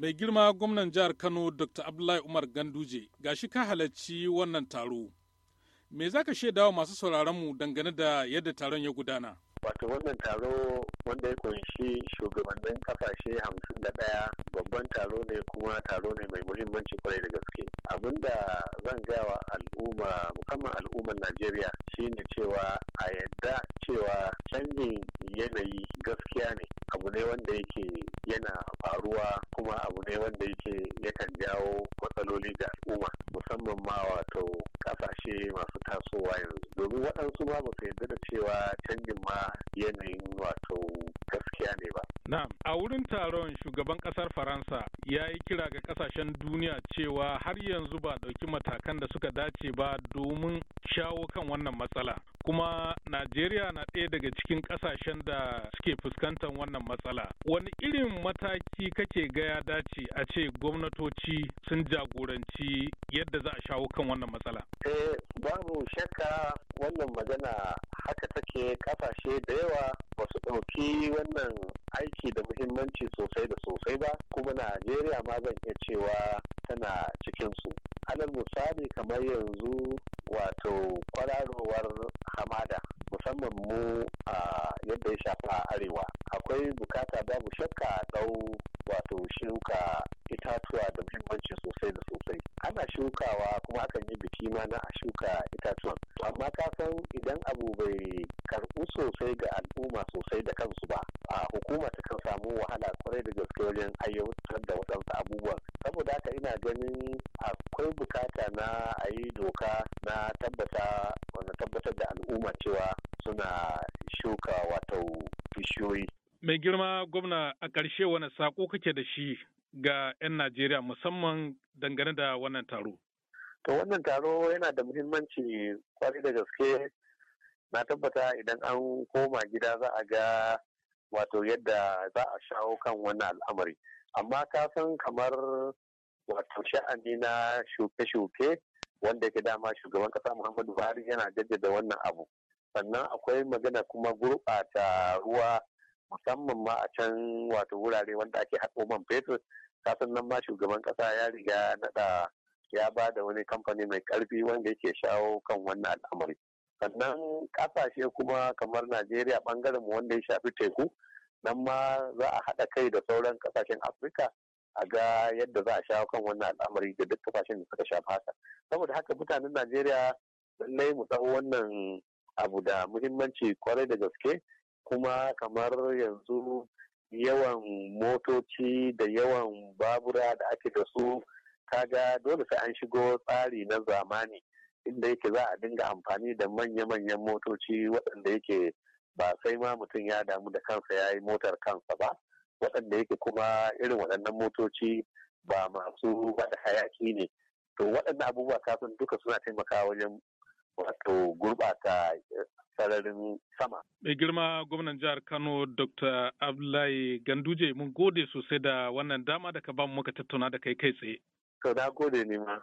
mai girma gwamnan jihar kano dr abdullahi umar ganduje gashi ka halarci wannan taro me za ka shaidawa masu sauraronmu dangane da yadda taron ya gudana wato wannan taro wanda ya kunshi shugabannin kasashe hamsin da ɗaya babban taro ne kuma taro ne mai muhimmanci kwarai da gaske abinda zan gaya wa al'umma musamman al'ummar najeriya shine cewa a yadda cewa canjin yanayi gaskiya ne abu ne wanda yake yana faruwa kuma abu ne wanda yake yakan jawo matsaloli ga al'umma musamman ma wato kasashe masu tasowa yanzu domin waɗansu ba su yarda da cewa canjin ma yanayin wato gaskiya ne ba. Na'am, a wurin taron shugaban ƙasar Faransa ya yi kira ga kasashen duniya cewa har yanzu ba ɗauki matakan da suka dace ba domin shawo kan wannan matsala kuma najeriya na ɗaya daga cikin ƙasashen da suke fuskantar wannan matsala wani irin mataki kake gaya dace a ce gwamnatoci sun jagoranci yadda za a shawo kan wannan matsala eh babu shakka wannan magana haka take ƙasashe da yawa ba su ɗauki wannan aiki da muhimmanci sosai da sosai ba kuma najeriya ma zan iya cewa tana cikinsu alal misali kamar yanzu wato kwararowar hamada musamman mu a yadda ya shafa arewa akwai bukata babu shakka ɗau wato shuka itatuwa shukawa kuma akan yi biki ma na a shuka itatuwan amma ka san idan abu bai karɓu sosai ga al'umma sosai da kansu ba a hukuma ta kan samu wahala kwarai da gaske wajen ayyukan da waɗansu abubuwan saboda haka ina ganin akwai bukata na a yi doka na tabbata wanda tabbatar da al'umma cewa suna shuka wato bishiyoyi mai girma gwamna a ƙarshe wani sako kake da shi ga 'yan Najeriya musamman dangane da wannan taro? To wannan taro yana da muhimmanci kwarai da gaske na tabbata idan an koma gida za a ga wato yadda za a shawo kan wannan al'amari. Amma ka san kamar wato sha'ani na shuke-shuke wanda yake dama shugaban kasa Muhammadu Buhari yana jaddada wannan abu. Sannan akwai magana kuma gurɓata ruwa musamman ma a can wato wurare wanda ake haɗo man fetur kasan nan ma shugaban ƙasa ya riga naɗa ya ba da wani kamfani mai ƙarfi wanda yake shawo kan wannan al'amari sannan ƙasashe kuma kamar najeriya bangaren mu wanda ya shafi teku nan ma za a haɗa kai da sauran ƙasashen afirka a ga yadda za a shawo kan wannan al'amari da duk kasashen da suka shafa haka saboda haka mutanen najeriya lallai mu tsawo wannan abu da muhimmanci kwarai da gaske kuma kamar yanzu yawan motoci da yawan babura da ake da su kaga dole sai an shigo tsari na zamani inda yake za a dinga amfani da manya-manyan motoci waɗanda yake ba sai ma mutum ya damu da kansa ya yi motar kansa ba waɗanda yake kuma irin waɗannan motoci ba masu da hayaki ne to waɗannan abubuwa kafin duka suna taimakawa wajen wato gurɓata eh, sararin sama. Mai girma gwamnan jihar Kano Dr. Abdullahi Ganduje mun gode sosai da wannan dama da ka bamu muka tattauna da kai kai tsaye. Sau da gode ne ma.